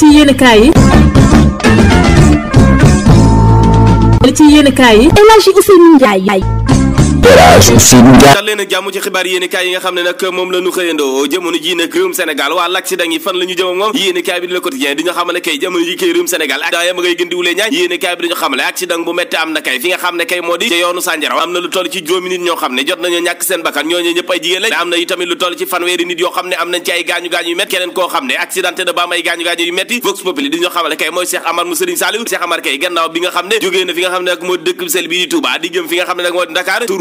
ci yenn kaay yi. ci yenn yi. El Hadji Elhadji Ousseynou Ndiaye leen ak jàmm ci xibaar yéeni kaay yi nga xam ne nag moom la xëyandoo jamono ji nag réewum Sénégal waa l'accident yi fan la ñu moom yéeni kaay kay bi dañu xamal ne accident bu métti am na kay fi nga xam ne di ca yoonu Sandiara am na lu toll ci juróomi nit ñoo xam ne jot nañoo xam ne am nañ ci xam ne accidenté na ba am ay gaañu-gaañu di ñu fi nga xam ne nag moo dëkk sel bi di Touba di jëm fi nga xam ne nag moo di Dakar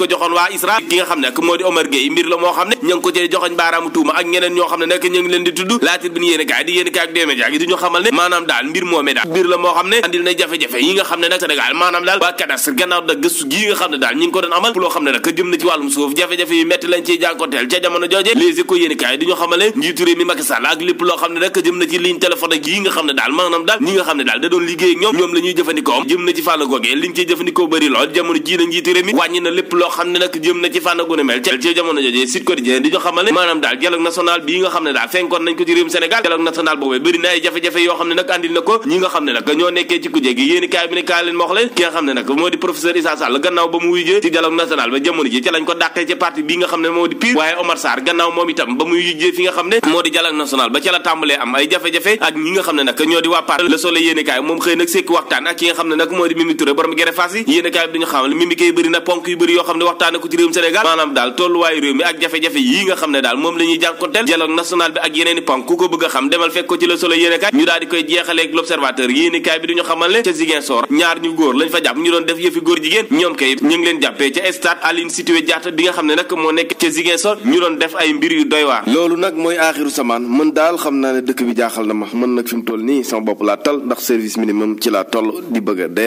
ko joxoon waa ISRA ki nga xam ne daal maanaam daal da doon amal ñoom ñoom la ñuy jëm na ci fàll liñ ciy jëfandikoo bëri lool jamono ji na njiitu réew mi na lépp loo xam ne nag jëm na ci fànn gu mel ci jamono xamal ne maanaam daal dialogue national bii nga xam ne daal moo di professeur Issa Sall gannaaw ba mu wujjee ci dialogue national ba jamono ji ci lañ ko dàqee ci parti bi nga xam ne moo di PUR waaye Omar Sarr gannaaw moom itam ba muy wujjee fi nga xam ne moo di dialogue national ba ci la tàmbalee am ay jafe-jafe ak ñi nga xam ne nag ñoo di waa parti Le Soleil yéen moom xëy nag sekki waxtaan ak ki nga ne waxtaane ko ci réewum Sénégal maanaam daal tolluwaayu réew mi ak jafe-jafe yii nga xam ne daal moom la ñuy jànkonteel dialogue national bi ak yeneen i ku ko bëgg a xam demal fekk ko ci Le Soleil yéene kaay ñu daal di koy jeexaleeg l'observateur yéene kaay bi duñu xamal ne ca Ziguinchor ñaar ñu góor lañ fa jàpp ñu doon def yëfi góor jigéen ñoom kay ñu leen jàppee ca stade Aline Sitoé Diatta bi nga xam ne nag moo nekk ca Ziguinchor ñu doon def loolu nag mooy aaxiru samaan mën daal xam naa ne dëkk bi jaaxal na ma mën nag fi mu toll nii sama bopp laa tal ndax service minimum ci laa a dee